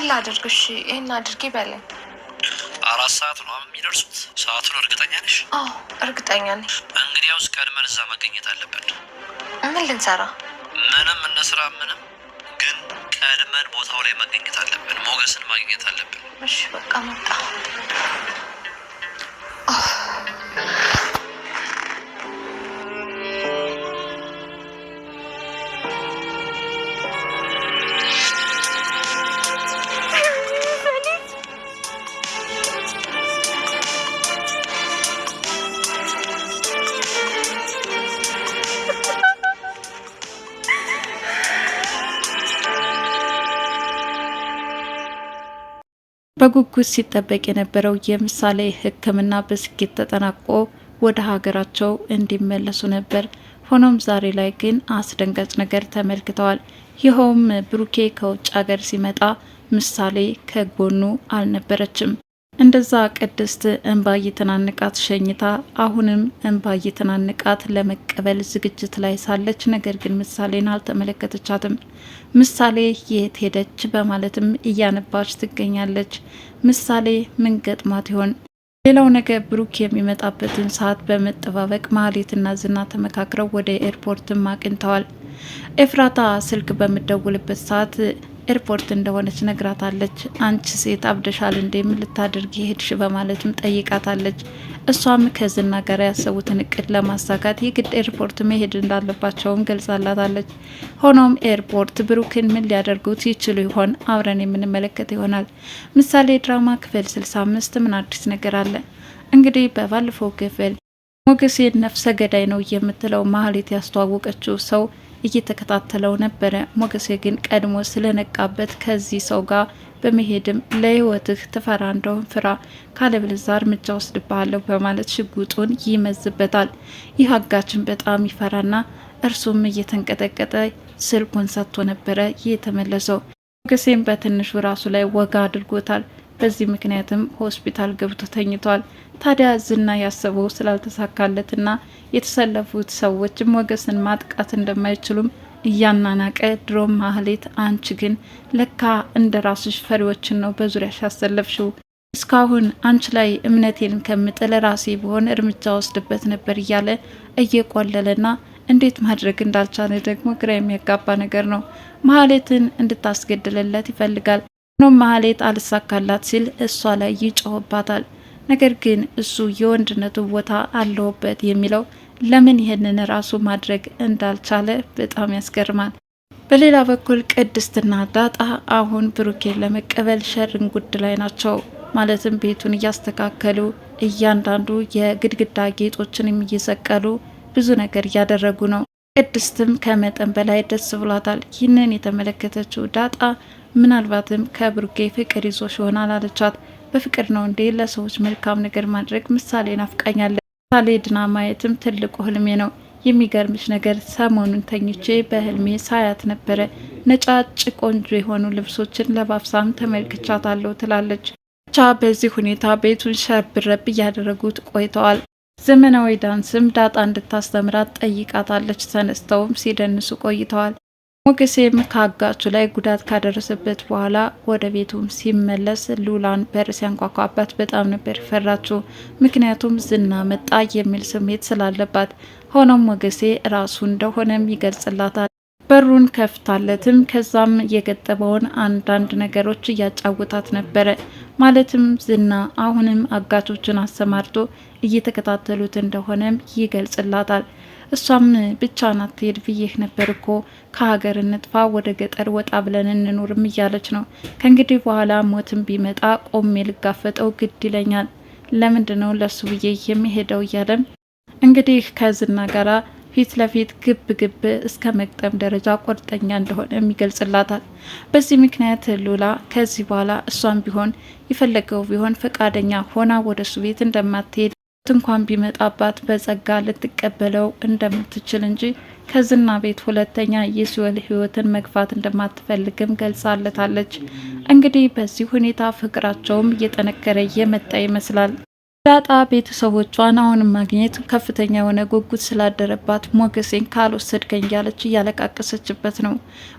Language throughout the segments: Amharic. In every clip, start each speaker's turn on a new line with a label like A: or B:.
A: ምን ላድርግ? እሺ ይህን አድርጊ በለኝ።
B: አራት ሰዓት ነው የሚደርሱት። ሰዓቱን እርግጠኛ ነሽ?
A: አዎ እርግጠኛ ነሽ።
B: እንግዲያውስ ቀድመን እዛ መገኘት አለብን። ምን ልንሰራ? ምንም እንስራ ምንም፣ ግን ቀድመን ቦታው ላይ መገኘት አለብን። ሞገስን ማግኘት አለብን።
A: እሺ በቃ መጣ
C: በጉጉት ሲጠበቅ የነበረው የምሳሌ ሕክምና በስኬት ተጠናቆ ወደ ሀገራቸው እንዲመለሱ ነበር። ሆኖም ዛሬ ላይ ግን አስደንጋጭ ነገር ተመልክተዋል። ይኸውም ብሩኬ ከውጭ ሀገር ሲመጣ ምሳሌ ከጎኑ አልነበረችም። እንደዛ ቅድስት እንባ እየተናነቃት ሸኝታ አሁንም እንባ እየተናነቃት ለመቀበል ዝግጅት ላይ ሳለች ነገር ግን ምሳሌን አልተመለከተቻትም። ምሳሌ የት ሄደች በማለትም እያነባች ትገኛለች። ምሳሌ ምን ገጥማት ይሆን? ሌላው ነገር ብሩክ የሚመጣበትን ሰዓት በመጠባበቅ ማህሌትና ዝና ተመካክረው ወደ ኤርፖርትም አቅንተዋል። ኤፍራታ ስልክ በምደውልበት ሰዓት ኤርፖርት እንደሆነች ነግራታለች። አንቺ ሴት አብደሻል እንዴ ምን ልታደርጊ ሄድሽ? በማለትም ጠይቃታለች። እሷም ከዝና ጋር ያሰቡትን እቅድ ለማሳካት የግድ ኤርፖርት መሄድ እንዳለባቸውም ገልጻላታለች። ሆኖም ኤርፖርት ብሩክን ምን ሊያደርጉት ይችሉ ይሆን? አብረን የምንመለከት ይሆናል። ምሳሌ ድራማ ክፍል ስልሳ አምስት ምን አዲስ ነገር አለ? እንግዲህ በባለፈው ክፍል ሞገሴ ነፍሰ ገዳይ ነው የምትለው ማህሌት ያስተዋወቀችው ሰው እየተከታተለው ነበረ። ሞገሴ ግን ቀድሞ ስለነቃበት ከዚህ ሰው ጋር በመሄድም ለህይወትህ ትፈራ እንደሆን ፍራ፣ ካለበለዛ እርምጃ ወስድብሃለሁ በማለት ሽጉጡን ይመዝበታል። ይህ አጋችን በጣም ይፈራና እርሱም እየተንቀጠቀጠ ስልኩን ሰጥቶ ነበረ የተመለሰው። ሞገሴም በትንሹ ራሱ ላይ ወጋ አድርጎታል። በዚህ ምክንያትም ሆስፒታል ገብቶ ተኝቷል። ታዲያ ዝና ያሰበው ስላልተሳካለትና የተሰለፉት ሰዎችም ሞገስን ማጥቃት እንደማይችሉም እያናናቀ ድሮም ማህሌት፣ አንቺ ግን ለካ እንደ ራስሽ ፈሪዎችን ነው በዙሪያ ሻሰለፍሽው እስካሁን አንቺ ላይ እምነቴን ከምጥል ራሴ በሆን እርምጃ ወስድበት ነበር እያለ እየቆለለና እንዴት ማድረግ እንዳልቻለ ደግሞ ግራ የሚያጋባ ነገር ነው። ማህሌትን እንድታስገድልለት ይፈልጋል። ኖ ማህሌት አልሳካላት ሲል እሷ ላይ ይጮህባታል። ነገር ግን እሱ የወንድነቱ ቦታ አለውበት የሚለው ለምን ይህንን ራሱ ማድረግ እንዳልቻለ በጣም ያስገርማል። በሌላ በኩል ቅድስትና ዳጣ አሁን ብሩኬን ለመቀበል ሸርን ጉድ ላይ ናቸው። ማለትም ቤቱን እያስተካከሉ እያንዳንዱ የግድግዳ ጌጦችንም እየሰቀሉ ብዙ ነገር እያደረጉ ነው። ቅድስትም ከመጠን በላይ ደስ ብሏታል። ይህንን የተመለከተችው ዳጣ ምናልባትም ከብሩጌ ፍቅር ይዞሽ ይሆናል አለቻት። በፍቅር ነው እንዴ ለሰዎች መልካም ነገር ማድረግ? ምሳሌ ናፍቃኛለ። ምሳሌ ድና ማየትም ትልቁ ህልሜ ነው። የሚገርምሽ ነገር ሰሞኑን ተኝቼ በህልሜ ሳያት ነበረ። ነጫጭ ቆንጆ የሆኑ ልብሶችን ለባብሳም ተመልክቻታለሁ ትላለች። ብቻ በዚህ ሁኔታ ቤቱን ሸብረብ እያደረጉት ቆይተዋል። ዘመናዊ ዳንስም ዳጣ እንድታስተምራት ጠይቃታለች። ተነስተውም ሲደንሱ ቆይተዋል። ሞገሴም ከአጋቹ ላይ ጉዳት ካደረሰበት በኋላ ወደ ቤቱም ሲመለስ ሉላን በር ሲያንኳኳባት በጣም ነበር ፈራችው። ምክንያቱም ዝና መጣ የሚል ስሜት ስላለባት። ሆኖም ሞገሴ ራሱ እንደሆነም ይገልጽላታል። በሩን ከፍታለትም ከዛም የገጠመውን አንዳንድ ነገሮች እያጫወታት ነበረ። ማለትም ዝና አሁንም አጋቾችን አሰማርቶ እየተከታተሉት እንደሆነም ይገልጽላታል። እሷም ብቻ ናት ትሄድ ብዬህ ነበር እኮ ከሀገር እንጥፋ ወደ ገጠር ወጣ ብለን እንኖርም እያለች ነው። ከእንግዲህ በኋላ ሞትም ቢመጣ ቆሜ ልጋፈጠው ግድ ይለኛል። ለምንድ ነው ለሱ ብዬ የሚሄደው? እያለም እንግዲህ ከዝና ጋራ ፊት ለፊት ግብ ግብ እስከ መግጠም ደረጃ ቁርጠኛ እንደሆነ የሚገልጽላታል። በዚህ ምክንያት ሉላ ከዚህ በኋላ እሷም ቢሆን የፈለገው ቢሆን ፈቃደኛ ሆና ወደ እሱ ቤት እንደማትሄድ እንኳን ቢመጣባት በጸጋ ልትቀበለው እንደምትችል እንጂ ከዝና ቤት ሁለተኛ የሲኦል ህይወትን መግፋት እንደማትፈልግም ገልጻለታለች። እንግዲህ በዚህ ሁኔታ ፍቅራቸውም እየጠነከረ የመጣ ይመስላል። ዳጣ ቤተሰቦቿን አሁን ማግኘት ከፍተኛ የሆነ ጉጉት ስላደረባት ሞገሴን ካልወሰድከኝ እያለች እያለቃቀሰችበት ነው።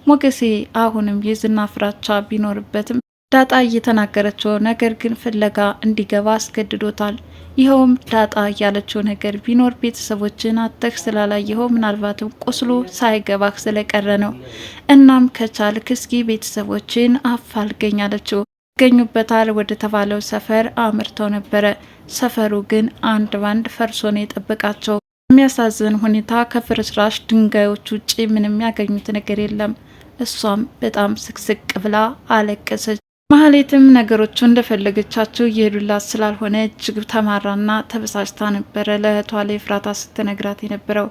C: ሞገሴ አሁንም የዝና ፍራቻ ቢኖርበትም ዳጣ እየተናገረችው ነገር ግን ፍለጋ እንዲገባ አስገድዶታል። ይኸውም ዳጣ ያለችው ነገር ቢኖር ቤተሰቦችን አተክ ስላላየኸው ምናልባትም ቁስሉ ሳይገባክ ስለቀረ ነው። እናም ከቻልክ እስኪ ቤተሰቦችን አፋልገኝ አለችው። ይገኙበታል ወደ ተባለው ሰፈር አምርተው ነበረ። ሰፈሩ ግን አንድ ባንድ ፈርሶ ነው የጠበቃቸው። የሚያሳዝን ሁኔታ ከፍርስራሽ ድንጋዮች ውጭ ምንም ያገኙት ነገር የለም። እሷም በጣም ስቅስቅ ብላ አለቀሰች። ማህሌትም ነገሮቹ እንደፈለገቻቸው እየሄዱላት ስላልሆነ እጅግ ተማራና ተበሳጭታ ነበረ ለእህቷ ለኤፍራታ ስትነግራት የነበረው።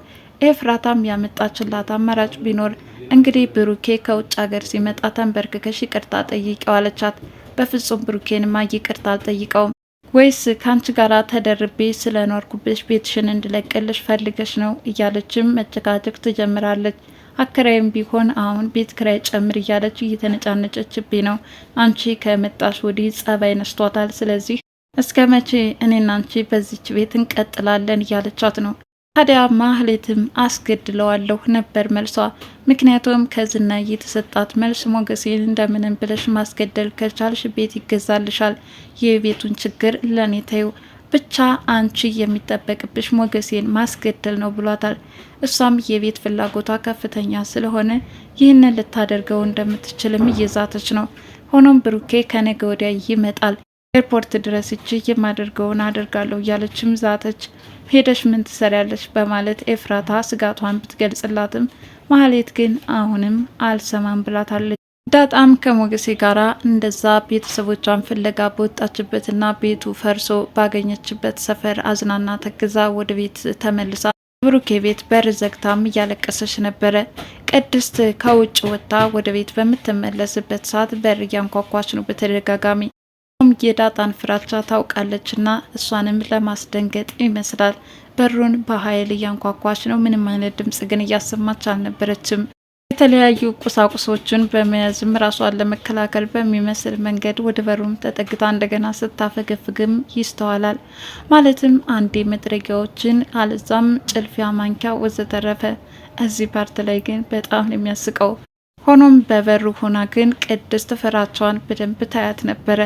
C: ኤፍራታም ያመጣችላት አማራጭ ቢኖር እንግዲህ ብሩኬ ከውጭ ሀገር ሲመጣ ተንበርክከሽ ይቅርታ ጠይቀው አለቻት። በፍጹም ብሩኬንማ ይቅርታ አልጠይቀውም ወይስ ከአንቺ ጋር ተደርቤ ስለኖርኩብሽ ቤትሽን እንድለቅልሽ ፈልገሽ ነው እያለችም መጨቃጨቅ ትጀምራለች። አከራይም ቢሆን አሁን ቤት ክራይ ጨምር እያለች እየተነጫነጨችብኝ ነው። አንቺ ከመጣሽ ወዲህ ጸባይ ነስቷታል። ስለዚህ እስከ መቼ እኔና አንቺ በዚች ቤት እንቀጥላለን እያለቻት ነው። ታዲያ ማህሌትም አስገድለዋለሁ ነበር መልሷ። ምክንያቱም ከዝና እየተሰጣት መልስ ሞገሴን እንደምንም ብለሽ ማስገደል ከቻልሽ ቤት ይገዛልሻል፣ የቤቱን ችግር ለእኔ ተዩ፣ ብቻ አንቺ የሚጠበቅብሽ ሞገሴን ማስገደል ነው ብሏታል። እሷም የቤት ፍላጎቷ ከፍተኛ ስለሆነ ይህንን ልታደርገው እንደምትችልም እየዛተች ነው። ሆኖም ብሩኬ ከነገ ወዲያ ይመጣል ኤርፖርት ድረስ እጅ የማደርገውን አደርጋለሁ እያለችም ዛተች። ሄደሽ ምን ትሰሪያለች በማለት ኤፍራታ ስጋቷን ብትገልጽላትም ማህሌት ግን አሁንም አልሰማም ብላታለች። ዳጣም ከሞገሴ ጋራ እንደዛ ቤተሰቦቿን ፍለጋ በወጣችበትና ቤቱ ፈርሶ ባገኘችበት ሰፈር አዝናና ተግዛ ወደ ቤት ተመልሳ ብሩኬ ቤት በር ዘግታም እያለቀሰች ነበረ። ቅድስት ከውጭ ወጥታ ወደ ቤት በምትመለስበት ሰዓት በር እያንኳኳች ነው በተደጋጋሚ ም የዳጣን ፍራቻ እና እሷንም ለማስደንገጥ ይመስላል በሩን በኃይል እያንኳኳች ነው። ምንም አይነት ድምጽ ግን እያሰማች አልነበረችም። የተለያዩ ቁሳቁሶችን በመያዝም ራሷን ለመከላከል በሚመስል መንገድ ወደ በሩም ተጠግታ እንደገና ስታፈገፍግም ይስተዋላል። ማለትም አንዴ መጥረጊያዎችን አለዛም ጭልፊያ፣ ማንኪያ ወዘተረፈ። እዚህ ፓርት ላይ ግን በጣም ነው የሚያስቀው። ሆኖም በበሩ ሆና ግን ቅድስት ፍራቿን በደንብ ታያት ነበረ።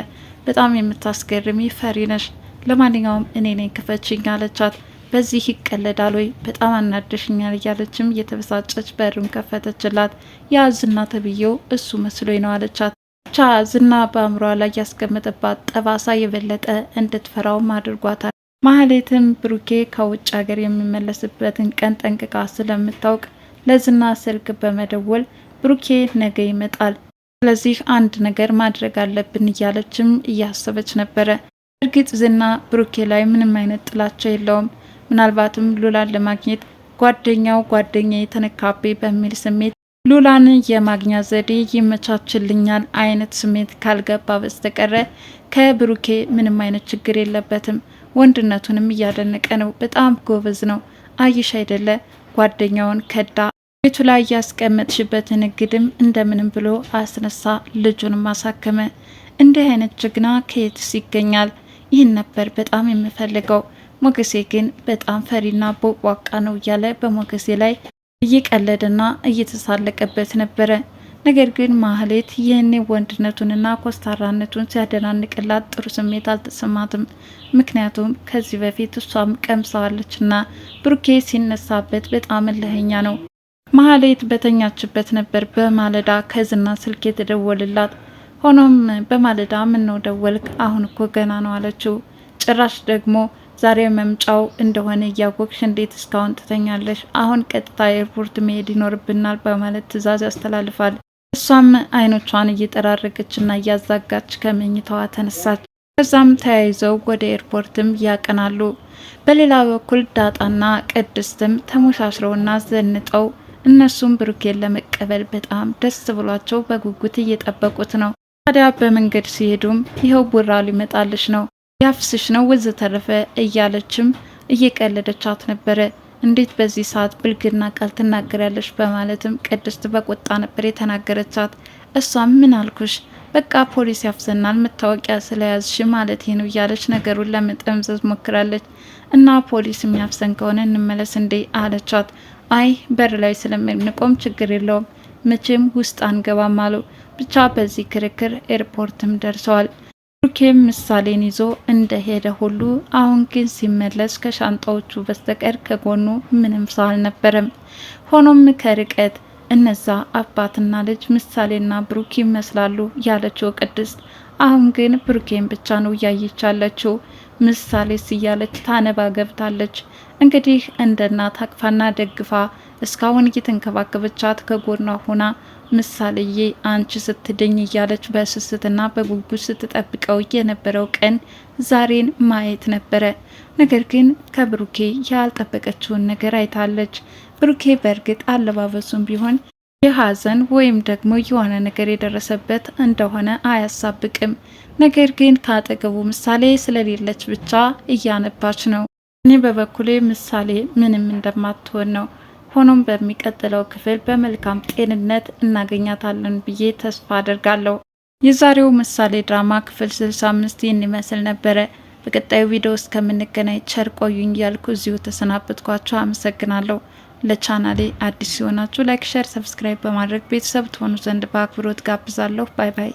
C: በጣም የምታስገርሚ ፈሪ ነሽ። ለማንኛውም እኔ ነኝ ክፈችኝ አለቻት። በዚህ ይቀለዳል ወይ በጣም አናደሽኛል እያለችም እየተበሳጨች በሩን ከፈተችላት። ያ ዝና ተብዬው እሱ መስሎኝ ነው አለቻት። ብቻ ዝና በአእምሯ ላይ ያስቀመጠባት ጠባሳ የበለጠ እንድትፈራውም አድርጓታል። ማህሌትም ብሩኬ ከውጭ ሀገር የሚመለስበትን ቀን ጠንቅቃ ስለምታውቅ ለዝና ስልክ በመደወል ብሩኬ ነገ ይመጣል ስለዚህ አንድ ነገር ማድረግ አለብን እያለችም እያሰበች ነበረ። እርግጥ ዝና ብሩኬ ላይ ምንም አይነት ጥላቻ የለውም። ምናልባትም ሉላን ለማግኘት ጓደኛው ጓደኛ የተነካቤ በሚል ስሜት ሉላን የማግኛ ዘዴ ይመቻችልኛል አይነት ስሜት ካልገባ በስተቀረ ከብሩኬ ምንም አይነት ችግር የለበትም። ወንድነቱንም እያደነቀ ነው። በጣም ጎበዝ ነው። አይሽ አይደለ ጓደኛውን ከዳ ቤቱ ላይ ያስቀመጥሽበትን እግድም እንደምንም ብሎ አስነሳ፣ ልጁንም አሳከመ። እንዲህ አይነት ጀግና ከየትስ ይገኛል? ይህን ነበር በጣም የምፈልገው። ሞገሴ ግን በጣም ፈሪና ቦቧቃ ነው እያለ በሞገሴ ላይ እየቀለደና እየተሳለቀበት ነበረ። ነገር ግን ማህሌት ይህኔ ወንድነቱንና ኮስታራነቱን ሲያደናንቅላት ጥሩ ስሜት አልተሰማትም። ምክንያቱም ከዚህ በፊት እሷም ቀምሰዋለችና ብሩኬ ሲነሳበት በጣም እልህኛ ነው። ማህሌት በተኛችበት ነበር በማለዳ ከዝና ስልክ የተደወልላት። ሆኖም በማለዳ ምነው ደወልክ? አሁን እኮ ገና ነው አለችው። ጭራሽ ደግሞ ዛሬ መምጫው እንደሆነ እያወቅሽ እንዴት እስካሁን ትተኛለሽ? አሁን ቀጥታ ኤርፖርት መሄድ ይኖርብናል በማለት ትዕዛዝ ያስተላልፋል። እሷም አይኖቿን እየጠራረገችና እያዛጋች ከመኝታዋ ተነሳች። ከዛም ተያይዘው ወደ ኤርፖርትም ያቀናሉ። በሌላ በኩል ዳጣና ቅድስትም ተሞሻሽረውና ዘንጠው እነሱም ብሩኬን ለመቀበል በጣም ደስ ብሏቸው በጉጉት እየጠበቁት ነው። ታዲያ በመንገድ ሲሄዱም ይኸው ቡራ ሊመጣልሽ ነው ያፍስሽ ነው ወዘተረፈ እያለችም እየቀለደቻት ነበረ። እንዴት በዚህ ሰዓት ብልግና ቃል ትናገራለች? በማለትም ቅድስት በቁጣ ነበር የተናገረቻት። እሷም ምን አልኩሽ? በቃ ፖሊስ ያፍዘናል መታወቂያ ስለያዝሽ ማለት ነው እያለች ነገሩን ለመጠምዘዝ ሞክራለች። እና ፖሊስ የሚያፍሰን ከሆነ እንመለስ እንዴ አለቻት። አይ በር ላይ ስለምንቆም ችግር የለውም መቼም ውስጥ አንገባም አሉ። ብቻ በዚህ ክርክር ኤርፖርትም ደርሰዋል። ሩኬም ምሳሌን ይዞ እንደሄደ ሁሉ አሁን ግን ሲመለስ ከሻንጣዎቹ በስተቀር ከጎኑ ምንም ሰው አልነበረም። ሆኖም ከርቀት እነዛ አባትና ልጅ ምሳሌና ብሩክ ይመስላሉ ያለችው ቅድስት አሁን ግን ብሩኬን ብቻ ነው እያየቻለችው። ምሳሌስ እያለች ታነባ ገብታለች። እንግዲህ እንደ እናት አቅፋና ደግፋ እስካሁን እየተንከባከበቻት ከጎኗ ሆና ምሳሌዬ አንቺ ስትድኝ እያለች በስስትና በጉጉት ስትጠብቀው የነበረው ቀን ዛሬን ማየት ነበረ። ነገር ግን ከብሩኬ ያልጠበቀችውን ነገር አይታለች። ብሩኬ በእርግጥ አለባበሱም ቢሆን የሀዘን ወይም ደግሞ የሆነ ነገር የደረሰበት እንደሆነ አያሳብቅም። ነገር ግን ከአጠገቡ ምሳሌ ስለሌለች ብቻ እያነባች ነው። እኔ በበኩሌ ምሳሌ ምንም እንደማትሆን ነው። ሆኖም በሚቀጥለው ክፍል በመልካም ጤንነት እናገኛታለን ብዬ ተስፋ አድርጋለሁ። የዛሬው ምሳሌ ድራማ ክፍል 65 ይህን ይመስል ነበረ። በቀጣዩ ቪዲዮ እስከምንገናኝ ቸር ቆዩኝ እያልኩ እዚሁ ተሰናበትኳቸው። አመሰግናለሁ። ለቻናሌ አዲስ ሲሆናችሁ ላይክ፣ ሸር፣ ሰብስክራይብ በማድረግ ቤተሰብ ትሆኑ ዘንድ በአክብሮት ጋብዛለሁ። ባይ ባይ።